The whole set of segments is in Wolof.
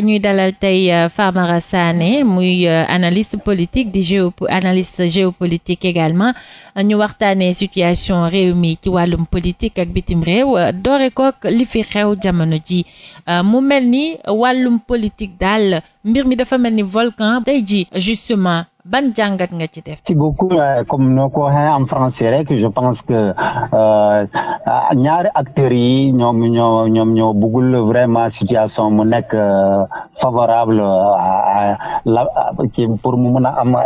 ñuy dalal tey euh, Famara Sané muy euh, analyste politique di géo analyste géopolitique également ñu waxtaanee situation réew mi ci wàllum politique ak bitim réew doore kook li fi xew jamono ji euh, mu mel ni wàllum politique dal mbir mi dafa mel ni volcan tey ji justement ban jàngat nga ci def. ci beaucoup comme noo ko waxee en français rek je pense que euh, ñaari acteur yi ñoom ñoo ñoom ñoo bëggul vraiment situation mu nekk euh, favorable euh, la ci pour mu mën a am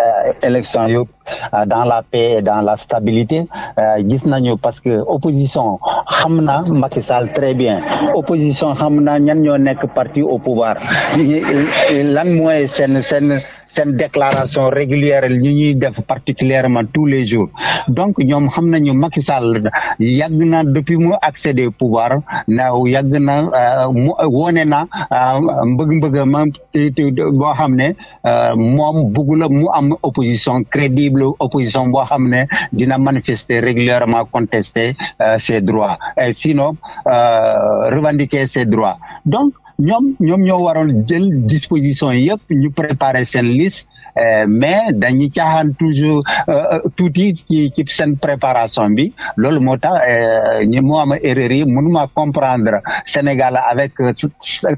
élection yu dans la paix et dans la stabilité gis nañu parce que opposition xam na Macky Sall très bien opposition xam na ñan ñoo nekk parti au pouvoir lan mooy seen seen seen déclaration régulière ñu ñuy def particulièrement tous les jours donc ñoom xam nañu Macky Sall yàgg na depuis mu accéder pouvoir na yàgg na euh, mu wone na euh, mbëg-mbëg ma boo xam ne euh, moom buggula mu am opposition crédible opposition boo xam ne dina manifester régulièrement contester ses droits et sinon revendiquer ses droits donc ñoom ñoom ñoo waroon jël disposition yëpp ñu préparer seen feliz Eh, mais dañu caaxaan toujours euh, euh, tuuti ci ci seen préparation bi loolu moo tax eh, ñu moo am erreur yi mënuma comprendre Sénégal avec euh,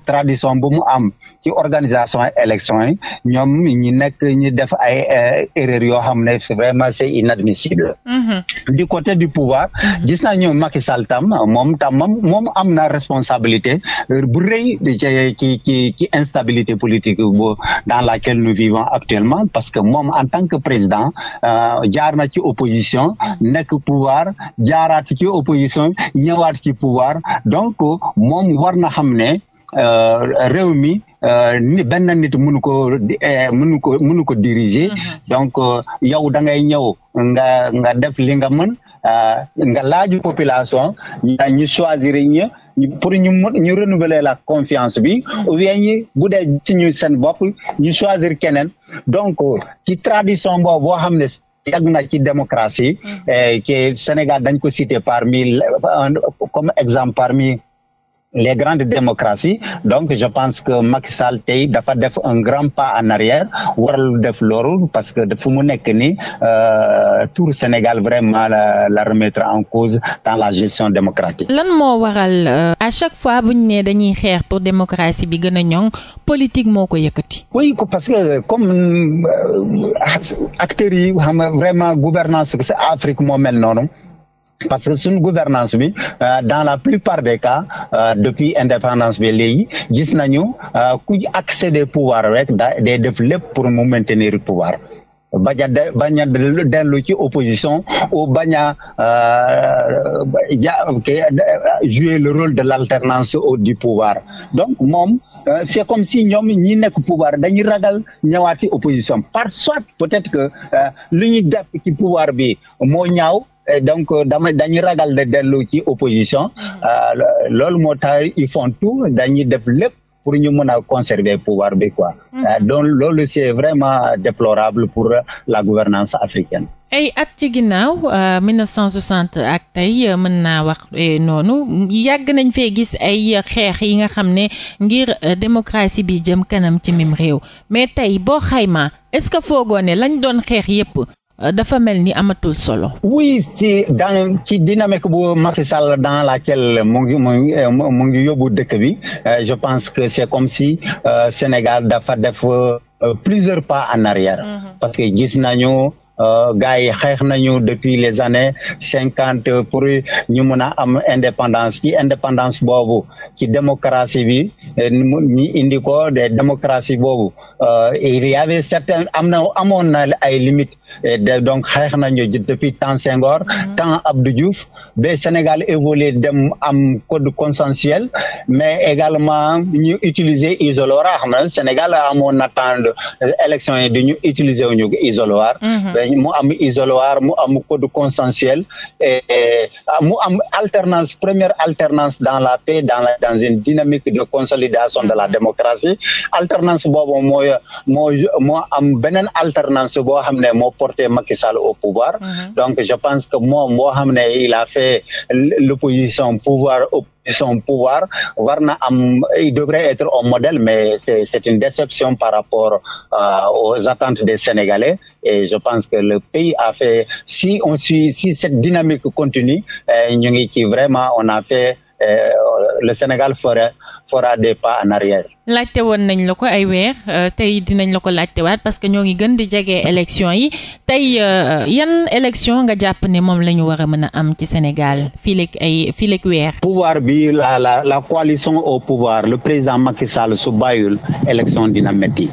tradition bu mu am ci organisation élection ñoom ñi nekk ñi def ay eh, erreur yoo xam ne vraiment c'est inadmissible mm-hmm. du côté du pouvoir mm-hmm. gis ñoom Macky tam moom tam moom am na responsabilité bu rëy ci instabilité politique bu dans laquelle nous vivons actuellement également parce que moom en tant que président euh, jaar na ci opposition nekk pouvoir jaaraat ci opposition ñëwaat ci pouvoir donc moom war na xam ne euh, réew mi euh, ni benn nit mënu ko eh, mënu ko mënu ko diriger mm-hmm. donc yow da ngay ñëw nga nga def li nga mën nga laaju population ñu choisir pour ñu ñu renouveler la confiance bi ou bien ñi bu dee ci ñu seen bopp ñu choisir keneen donc ci tradition boobu boo xam ne yàgg na ci démocratie mm. eh, que Sénégal dañ ko cité parmi comme exemple par mi les grandes démocraties donc je pense que Macky Sall tey dafa def un grand pas en arrière warul def loolu parce que fu mu nekk ni euh, tour Sénégal vraiment la la remettre en cause dans la gestion démocratique. lan moo waral euh, à chaque fois bu ñu nee dañuy xeex pour démocratie bi gën a politique moo ko yëkkati. oui parce que comme euh, acteurs yi xam vraiment gouvernance Afrique moo mel noonu. parce que suñu gouvernance bi euh, dans la plupart des cas euh, depuis indépendance bi léegi gis nañu euh, ku accéder pouvoir rek da day def lépp pour mu maintenir pouvoir bañ a de bañ a dellu ci opposition ou bañ a jouer le rôle de l'alternance au du pouvoir donc moom c'est comme si ñoom ñi nekk pouvoir dañuy ragal ñëwaati opposition par soit peut-être que lu ñu def ci pouvoir bi moo ñaaw Eh, donc dama dañu ragal de dellu ci opposition mm. ah, loolu moo tax ils font tout dañuy def lépp pour ñu mën a conserver pouvoir bi quoi mm. ah, donc loolu c'est vraiment déplorable pour la gouvernance africaine ay at ci ginnaaw 1960 euh, ak tey euh, mën naa wax euh, noonu yàgg nañ fee gis ay xeex yi nga xam ne ngir démocratie bi jëm kanam ci mim réew mais tey boo xayma est-ce que foogoo lañ doon xeex yépp Euh, dafa mel ni amatul solo. oui ci dans ci dynamique bu Macky Sall dans laquelle mu ngi mu ngi euh, mu ngi yóbbu dëkk bi euh, je pense que c'est comme si euh, Sénégal dafa def euh, plusieurs pas en arrière. Mm-hmm. parce que gis nañu. Euh, gars yi xeex nañu depuis les années cinquante pour ñu mun a am indépendance ci indépendance boobu ci démocratie bi euh, ñu indi ko de démocratie boobu euh, i y avait certains am na amoon na ay limites donc xeex nañu depuis temps Senghor mm-hmm. temps Abdou Diouf ba Sénégal évolué dem am code consensuel mais également ñu utiliser isoloir xam na Sénégal amoon na temps élection yi du ñu utiliser wuñu isoloir mm-hmm. mu am isoloir mu am code consensuel et mu am alternance première alternance dans la paix dans la dans une dynamique de consolidation de la mm-hmm. démocratie alternance boobu mooy moo moo am beneen alternance boo xam moo porté Macky au pouvoir mm-hmm. donc je pense que moom boo xam il a fait l'opposition pouvoir son pouvoir war na am il devrait être un modèle mais c'est c'est une déception par rapport euh, aux attentes des Sénégalais et je pense que le pays a fait si on suit si cette dynamique continue euh, ñu ngi ci vraiment on a fait euh, le Sénégal ferait fera des pas en arrière. laajte woon nañ la ko ay weer euh, tey dinañ la ko laajtewaat parce que ñoo ngi gën di jege élection yi tey euh, yan élection nga jàpp ne moom la ñu war a mën a am ci Sénégal fii leeg ay fii leeg weer. pouvoir bi la la la coalition au pouvoir le président Macky Sall su bàyyul élection dina métti.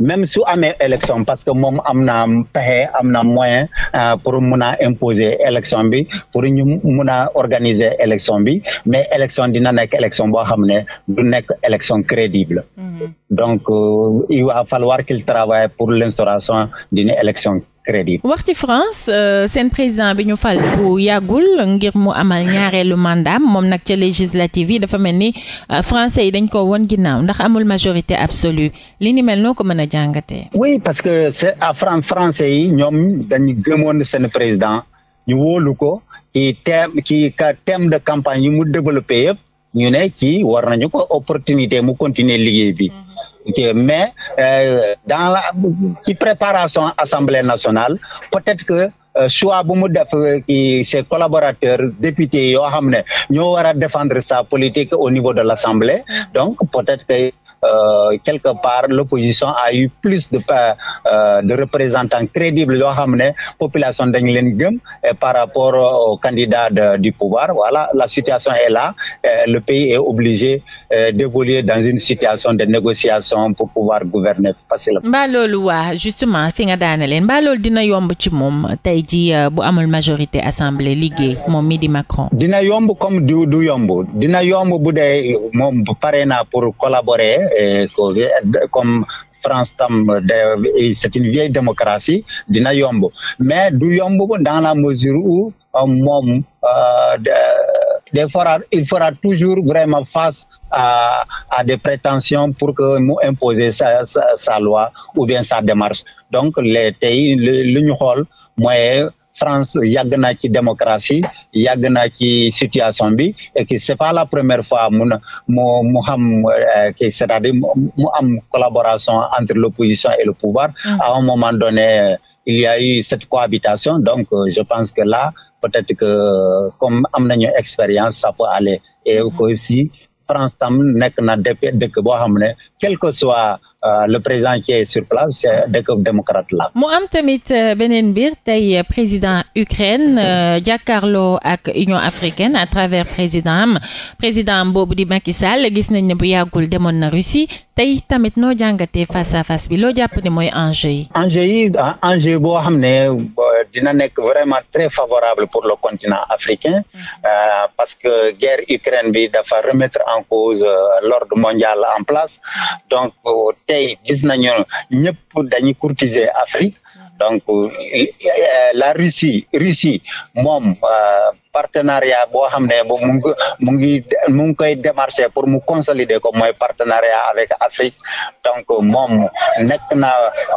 même su amee élection parce que moom am na pexe am na moyen euh, pour mun a imposer élection bi pour ñu mun a organiser élection bi mais élection dina nekk élection boo xam ne du nekk élection crédible. Mm. donc euh, il va falloir qu'il travaille pour l'instauration d'une élection crédible. wax ci France euh, seen président bi ñu fal bu yàggul ngir mu amal ñaareelu mandat moom nag ca législative yi dafa mel ni euh, français yi dañ ko woon ginnaaw ndax amul majorité absolue li ni mel noo ko mën a jàngatee. oui parce que c'est à France français yi ñoom dañu gëmoon seen président ñu woolu ko ci thème ci thème de campagne yi mu développé yëpp. ñu ne ci war nañu ko opportunité mu continuer liggéey bi mhm. mais euh, dans la ci préparation assemblée nationale peut-être que euh, choix bu mu def euh, ki ses collaborateurs députés yoo xam ne ñoo war a défendre sa politique au niveau de l'assemblée mhm. donc peut-être que Euh, quelque part l'opposition a eu plus de euh, de représentants crédibles yoo xam ne population dañ leen gëm et par rapport aux candidats de, du pouvoir voilà la situation est là le pays est obligé euh, d'évoluer dans une situation de négociation pour pouvoir gouverner facilement. mbaa loolu waa justement fi nga daane leen mbaa loolu dina yomb ci moom tey ji bu amul majorité assemblée liggéey moom mi di Macron. dina yomb comme du du yomb dina yomb bu dee moom pare na pour collaborer et comme France tam c'est une vieille démocratie dina yomb mais du yombo dans la mesure où euh, moom euh, des fois il fera toujours vraiment face à à des prétentions pour que mu imposer sa, sa sa loi ou bien sa démarche donc les tey li ñu xool mooy France yàgg naa ci démocratie yàgg naa ci situation bi et que c'est pas la première fois mu mu mu xam euh, c'est-à-dire mu am collaboration entre l'opposition et le pouvoir mm. à un moment donné euh, il y a eu cette cohabitation donc euh, je pense que là peut-être que comme am nañu expérience ça peut aller et mm-hmm. aussi France tam nekk na dëkk boo xam ne quel que soit Euh, le président qui est sur place c'est dëkk la mu am tamit euh, beneen mbir tey euh, président Ukraine jàkkaarloo ak Union africaine à travers président am président boobu di Macky gis nañ ne bu yàggul demoon na Russie tey tamit noo jàngatee face à face bi loo jàpp ne mooy enjeu yi. enjeu yi ah, enjeu boo xam ne dina nekk vraiment très favorable pour le continent africain mm-hmm. parce que guerre Ukraine bi dafa remettre en cause l'ordre mondial en place donc. tey gis nañu ñëpp dañuy courtiser Afrique mm-hmm. donc euh, la Russie Russie moom. Euh, partenariat boo xam ne boobu mu ngi mu ngi mu ngi koy démarché pour mu consolider ko mooy partenariat avec Afrique donc moom nekk na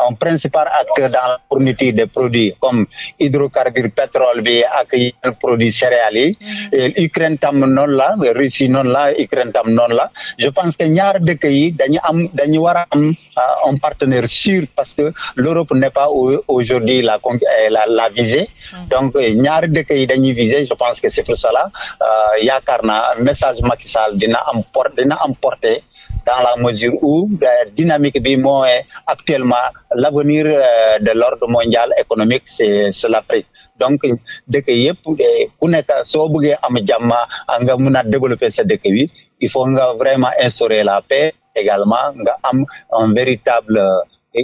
un principal acteur dans la fourniture des produits comme hydrocarbures pétrole bi ak yeneen produit céréales yi mm-hmm. Ukraine tam noonu la Russie noonu la Ukraine tam noonu la je pense que ñaar dëkk yi dañu am dañu war am euh, un partenaire sûr parce que l'Europe n'est pas aujourd'hui la euh, la la visée Mmh. donc euh, ñaari dëkk yi dañuy viser je pense que c'est pour cela euh, yaakaar naa message Macky Sall dina am por dina am portée dans la mesure où euh, dynamique bi mooy actuellement l'avenir de l'ordre mondial économique c'est c'est l'Afrique donc dëkk yëpp ku nekk soo bëggee am jàmm nga mun a développer sa dëkk bi il faut nga vraiment instaurer la paix également nga am un véritable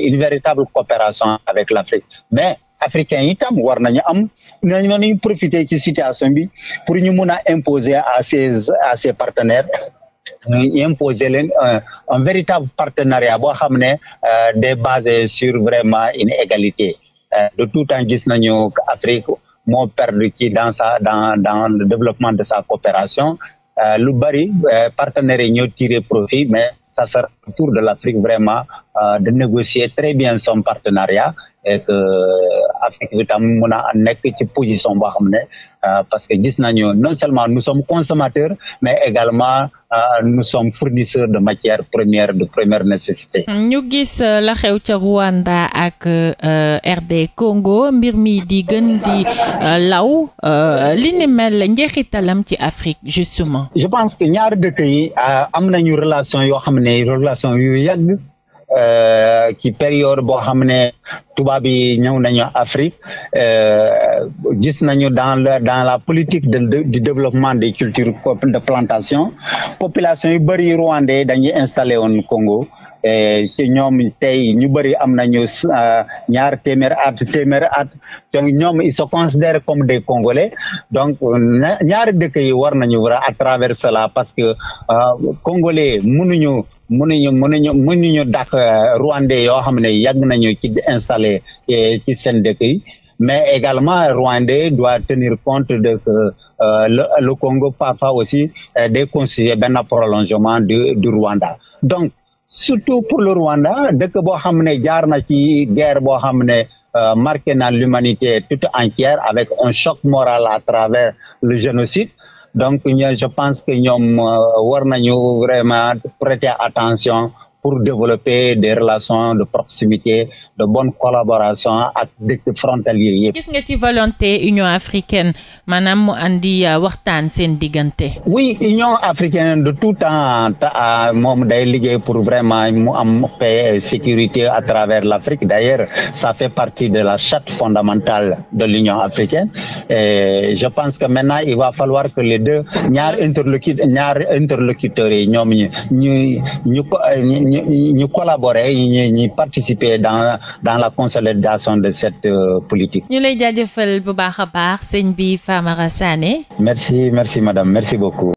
une véritable coopération avec l'Afrique mais africains yi tam war nañu am nañu nañu profiter ci situation bi pour ñu mun a imposer à ses à ses partenaires ni imposer leen en un véritable partenariat boo xam ne euh, des basé sur vraiment une égalité euh, de tout temps gis nañu Afrique moo perdu ci dans sa dans dans le développement de sa coopération euh, lu bari partenaires yi ñoo tiré profit mais ça sera autour de l'Afrique vraiment de négocier très bien son partenariat et que Afrique bi tam mun a nekk ci position boo xam ne euh, parce que gis nañu non seulement nous sommes consommateurs mais également euh, nous sommes fournisseurs de matière premières de première nécessité. ñu gis euh, la xew ca Rwanda ak RD Congo mbir mi di gën di law li ni mel njeexitalam ci Afrique justement. je pense que ñaar dëkk yi am nañu relation yoo xam ne relation yu yàgg. Euh, ci période boo xam ne tubaab yi ñëw nañu Afrique euh, gis nañu dans la dans la politique de du développement des cultures de plantation population yu bëri rwandais dañuy installé woon Congo ci ñoom tey ñu bëri am nañu euh, ñaar téeméer at téeméer at donc ñoom ils se considèrent comme des congolais donc ñaari dëkk yi war nañu war cela parce que congolais mënuñu mënuñu mënuñu mënuñu dàq euh, rwandais yoo xam ne yàgg nañu ci installé euh, ci seen dëkk yi mais également rwandais doit tenir compte de que euh, le, le Congo parfois aussi euh, day constituer prolongement du Rwanda donc surtout pour le Rwanda dëkk boo xam ne jaar na ci guerre boo xam ne euh, marqué na l'humanité toute entière avec un choc moral à travers le génocide donc ño je pense que ñoom euh, war nañu vraiment prêter attention pour développer des relations de proximité, de bonne collaboration ak dëkk frontalier yëpp. gis nga Union africaine maanaam andi euh, waxtaan seen diggante. oui Union africaine de tout temps euh, moom day liggéey pour vraiment mu am paix et sécurité à travers l'Afrique d'ailleurs ça fait partie de la charte fondamentale de l'Union africaine et je pense que maintenant il va falloir que les deux ñaar interlocu ñaar interlocuteurs yi ñoom ñu ñu ñu euh, ñu ñu collaborer ñu ñu participer dans dans la consolidation de cette euh, politique. ñu lay jaajëfal bu baax a baax sëñ bi Famara Sané. merci merci madame merci beaucoup.